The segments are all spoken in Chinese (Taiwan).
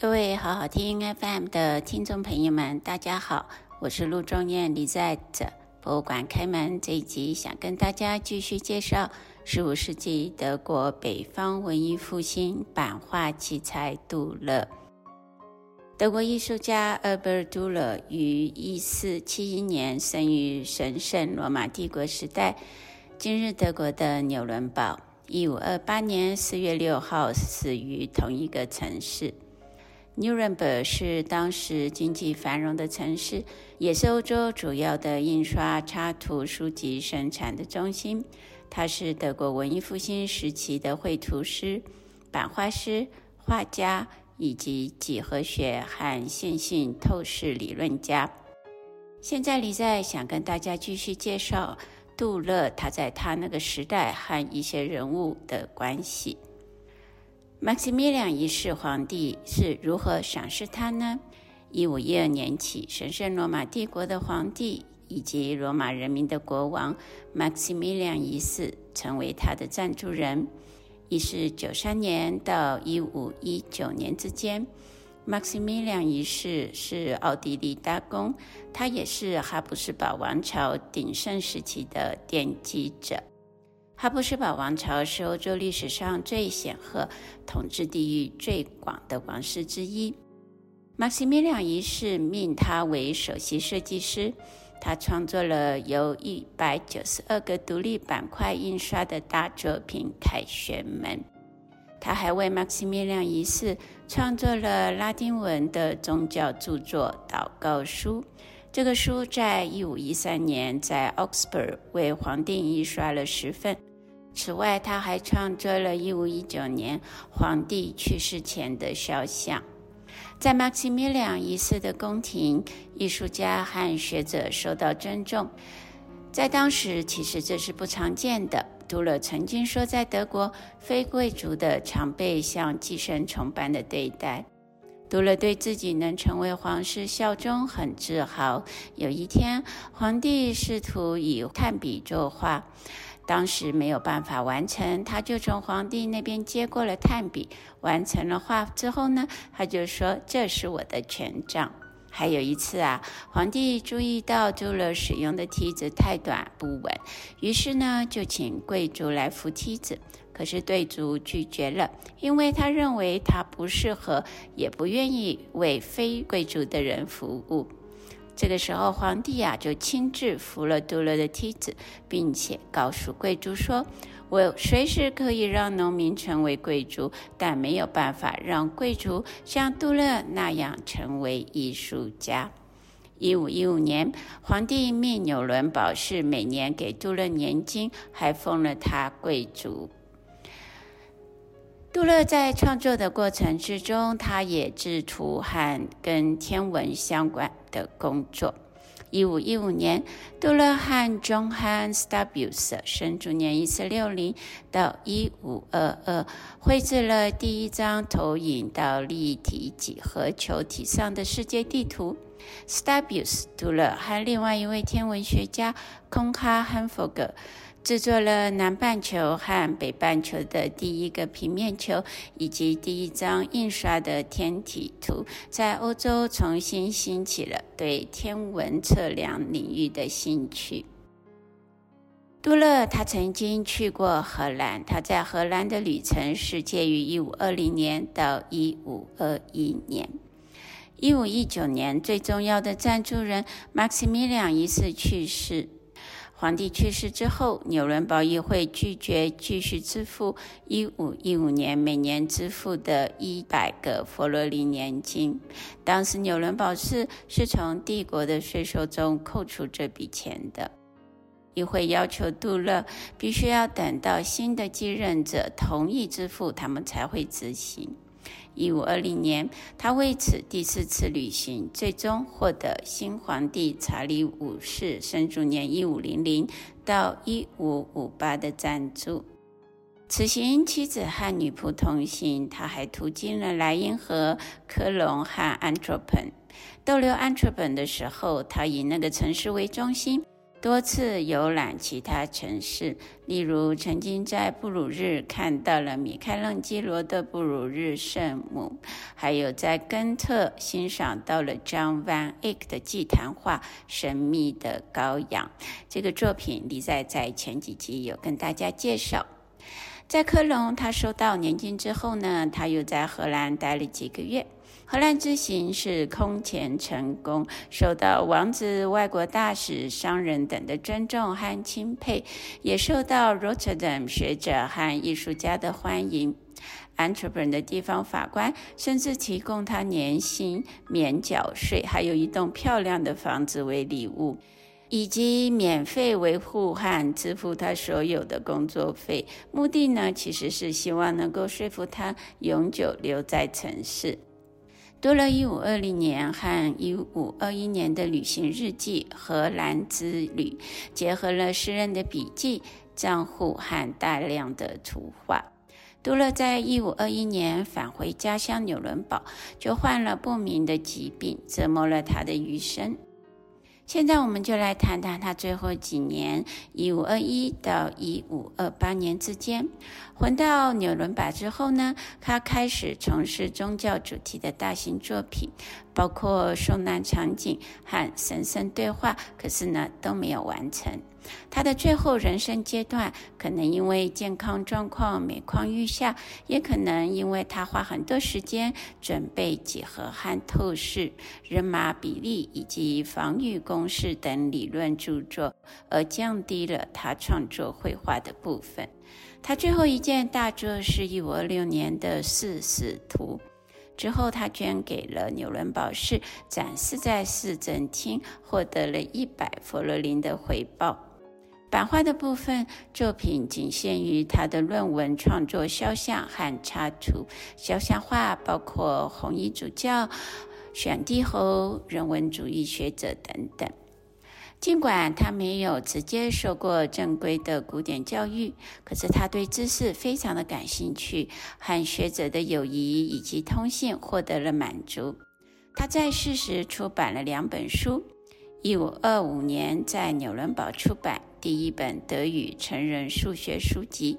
各位好好聽 FM 的聽眾朋友們，大家好，我是陸中燕。李在哲博物館開門這一集，想跟大家繼續介紹十五世紀德國北方文藝復興版畫奇才杜勒。德國藝術家阿爾布杜勒於一四七一年生於神聖羅馬帝國時代，今日德國的紐倫堡。一五二八年四月六號死於同一個城市。紐倫堡是當時經濟繁榮的城市，也是歐洲主要的印刷、插圖書籍生產的中心。他是德國文藝復興時期的繪圖師、版畫師、畫家以及幾何學和線性透視理論家。現在李在想跟大家繼續介紹杜勒，他在他那個時代和一些人物的關係。Maximilian 一世皇帝是如何賞識他呢？一五一二年起，神聖羅馬帝國的皇帝以及羅馬人民的國王 Maximilian 一世成為他的贊助人。一四九三年到一五一九年之間，Maximilian 一世是奧地利大公，他也是哈布斯堡王朝鼎盛時期的奠基者。哈布斯堡王朝是歐洲歷史上最顯赫、統治地域最廣的王室之一。Maximilian 一世命他為首席設計師，他創作了由一百九十二個獨立版塊印刷的大作品《凱旋門》。他還為 Maximilian 一世創作了拉丁文的宗教著作《禱告書》。這個書在一五一三年在 Augsbourg 為皇帝印刷了十份。此外，他還創作了1519年皇帝去世前的肖像。在 Maximilian 一世的宮廷，藝術家和學者受到尊重，在當時其實這是不常見的。杜勒曾經說，在德國非貴族的常被像寄生蟲般的對待。杜勒對自己能成為皇室效忠很自豪。有一天，皇帝試圖以炭筆作畫。當時沒有辦法完成，他就從皇帝那邊接過了炭筆，完成了畫之後呢，他就說這是我的權杖。還有一次啊，皇帝注意到杜勒使用的梯子太短不穩，於是呢就請貴族來扶梯子，可是貴族拒絕了，因為他認為他不適合，也不願意為非貴族的人服務。這個時候，皇帝呀、啊、就親自扶了杜勒的梯子，並且告訴貴族說：“我隨時可以讓農民成為貴族，但沒有辦法讓貴族像杜勒那樣成為藝術家。”一五一五年，皇帝命紐倫堡市每年給杜勒年金，還封了他貴族。杜勒在創作的過程之中，他也製圖和跟天文相關的工作。一五一五年，杜勒和 Johannes Stabius（ 生卒年一四六零到一五二二）繪製了第一張投影到立體幾何球體上的世界地圖。Stabius、杜勒和另外一位天文學家 Konrad Heinfogel。製作了南半球和北半球的第一個平面球，以及第一張印刷的天體圖，在歐洲重新興起了對天文測量領域的興趣。杜勒，他曾經去過荷蘭，他在荷蘭的旅程是介於1520年到1521年。1519年，最重要的贊助人 Maximilian 一世去世。皇帝去世之後，紐倫堡議會拒絕繼續支付1515 15年每年支付的100個佛羅里年金。當時紐倫堡市是，是從帝國的稅收中扣除這筆錢的。議會要求杜勒必須要等到新的繼任者同意支付，他們才會執行。一五二零年，他為此第四次旅行，最終獲得新皇帝查理五世（生卒年一五零零到一五五八）的贊助。此行，妻子和女僕同行。他還途經了萊茵河、科隆和安特衛普。逗留安特衛普的時候，他以那個城市為中心。多次遊覽其他城市，例如曾經在布魯日看到了米開朗基羅的布魯日聖母，還有在根特欣賞到了揚·凡·艾克的祭壇畫《神秘的羔羊》。這個作品李在在前幾集有跟大家介紹。在科隆，他收到年金之後呢，他又在荷蘭待了幾個月。荷蘭之行是空前成功，受到王子、外國大使、商人等的尊重和欽佩，也受到 Rotterdam 學者和藝術家的歡迎。Antwerp 的地方法官甚至提供他年薪免繳稅，還有一棟漂亮的房子為禮物，以及免費維護和支付他所有的工作費。目的呢，其實是希望能夠說服他永久留在城市。杜勒1520年和1521年的旅行日記，荷蘭之旅，結合了私人的筆記、賬戶和大量的圖畫。杜勒在1521年返回家鄉紐倫堡，就患了不明的疾病，折磨了他的餘生。現在我們就來談談他最後幾年，一五二一到一五二八年之間，回到紐倫堡之後呢，他開始從事宗教主題的大型作品，包括受難場景和神聖對話，可是呢，都沒有完成。他的最後人生階段，可能因為健康狀況每況愈下，也可能因為他花很多時間準備幾何和透視、人馬比例以及防禦工事等理論著作，而降低了他創作繪畫的部分。他最後一件大作是一五二六年的《四使徒》，之後他捐給了紐倫堡市，展示在市政廳，獲得了一百佛羅林的回報。版畫的部分作品僅限於他的論文創作、肖像和插圖。肖像畫包括紅衣主教、選帝侯、人文主義學者等等。盡管他沒有直接受過正規的古典教育，可是他對知識非常的感興趣，和學者的友誼以及通信獲得了滿足。他在世時出版了兩本書，1525年在紐倫堡出版。第一本德語成人數學書籍，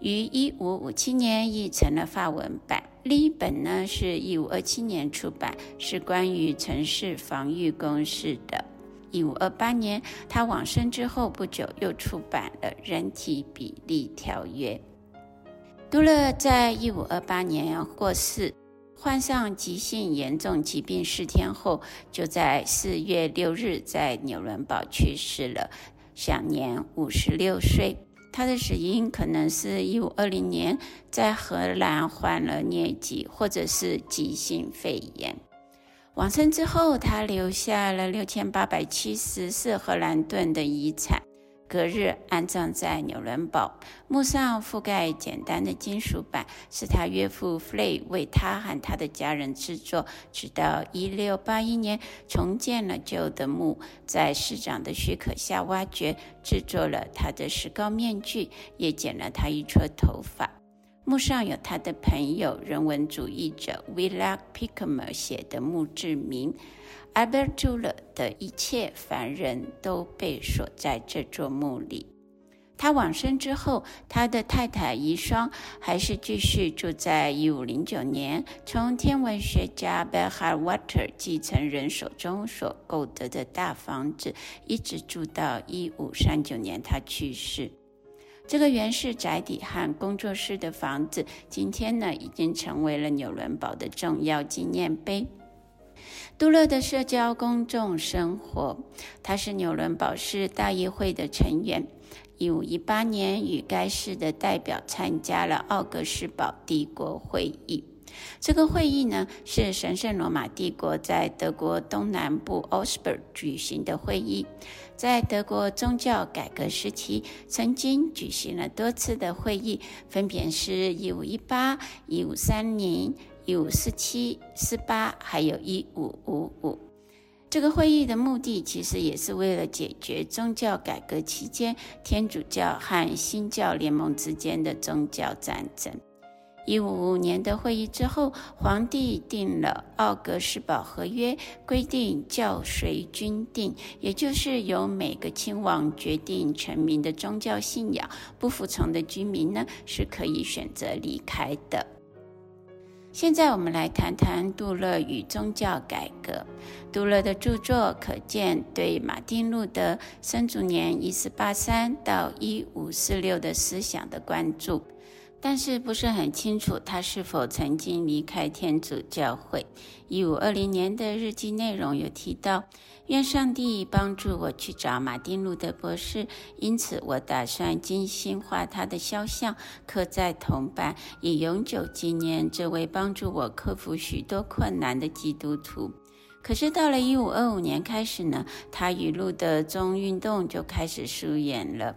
於一五五七年譯成了法文版。另一本呢，是一五二七年出版，是關於城市防禦工事的。一五二八年，他往生之後不久，又出版了《人體比例條約》。杜勒在一五二八年過世。患上急性嚴重疾病四天後，就在四月六日在紐倫堡去世了，享年五十六歲。他的死因可能是一五二零年在荷蘭患了瘧疾，或者是急性肺炎。往生之後，他留下了六千八百七十四荷蘭盾的遺產。隔日安葬在紐倫堡，墓上覆蓋簡單的金屬板，是他岳父弗雷為他和他的家人製作。直到1681年，重建了舊的墓，在市長的許可下挖掘，製作了他的石膏面具，也剪了他一撮頭髮。墓上有他的朋友、人文主義者 Willibald Pirckheimer 寫的墓志銘。Albert Dürer 的一切凡人都被鎖在這座墓裡。他往生之後，他的太太遺孀還是繼續住在一五零九年從天文學家 Bernhard Walther 繼承人手中所購得的大房子，一直住到一五三九年他去世。這個原是宅邸和工作室的房子，今天呢，已經成為了紐倫堡的重要紀念碑。杜勒的社交公眾生活，他是紐倫堡市大議會的成員，一五一八年與該市的代表參加了奧格斯堡帝國會議。這個會議呢，是神聖羅馬帝國在德國東南部奧斯堡舉行的會議。在德國宗教改革時期，曾經舉行了多次的會議，分別是1518、1530、1547、48，還有1555。這個會議的目的其實也是為了解決宗教改革期間，天主教和新教聯盟之間的宗教戰爭。一五五年的會議之後，皇帝定了《奧格斯堡和約》，規定教隨君定，也就是由每個親王決定臣民的宗教信仰。不服從的居民呢，是可以選擇離開的。現在我們來談談杜勒與宗教改革。杜勒的著作可見對馬丁·路德生卒年一四八三到一五四六的思想的關注。但是不是很清楚他是否曾經離開天主教會。一五二零年的日記內容有提到：“願上帝幫助我去找馬丁·路德博士，因此我打算精心畫他的肖像，刻在銅板，以永久紀念這位幫助我克服許多困難的基督徒。”可是到了一五二五年開始呢，他與路德宗運動就開始疏遠了。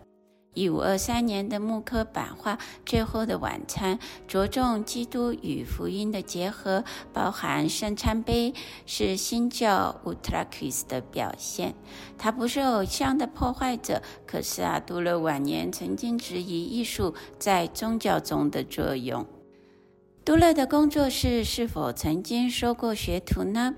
一五二三年的木刻版畫《最後的晚餐》，着重基督與福音的結合，包含聖餐杯，是新教烏特拉克斯的表現。他不是偶像的破壞者，可是啊，杜勒晚年曾經質疑藝術在宗教中的作用。杜勒的工作室是否曾經收過學徒呢？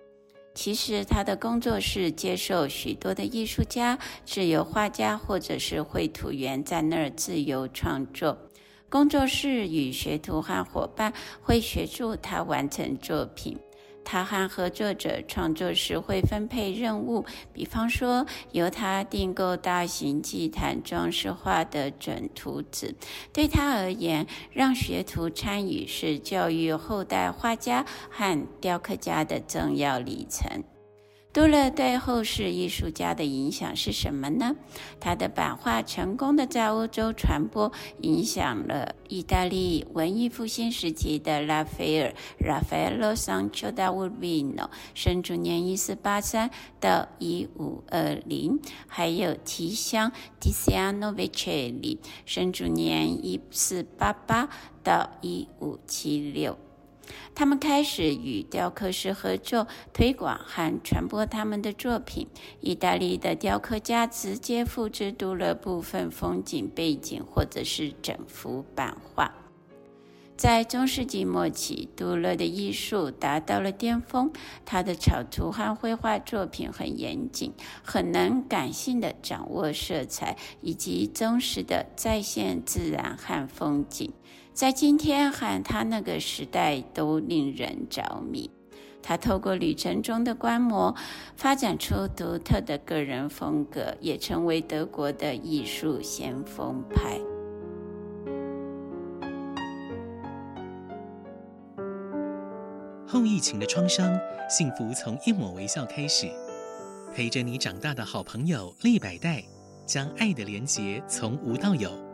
其實他的工作室接受許多的藝術家、自由畫家或者是繪圖員在那兒自由創作。工作室與學徒和夥伴會協助他完成作品。他和合作者創作時會分配任務，比方說由他訂購大型祭壇裝飾畫的準圖紙。對他而言，讓學徒參與是教育後代畫家和雕刻家的重要里程。杜勒對後世藝術家的影響是什麼呢？他的版畫成功的在歐洲傳播，影響了意大利文藝復興時期的拉斐爾 （Raffaello Sanzio da Urbino，生卒年一四八三到一五二零）還有提香 t i z 諾維奇，o 生卒年一四八八到一五七六）。他們開始與雕刻師合作，推廣和傳播他們的作品。意大利的雕刻家直接複製杜勒部分風景背景，或者是整幅版畫。在中世紀末期，杜勒的藝術達到了巔峰。他的草圖和繪畫作品很嚴謹，很能感性地掌握色彩，以及忠實的再現自然和風景。在今天和他那個時代都令人着迷。他透過旅程中的觀摩，發展出獨特的個人風格，也成為德國的藝術先鋒派。後疫情的創傷，幸福從一抹微笑開始。陪着你長大的好朋友利百代，將愛的連結從無到有。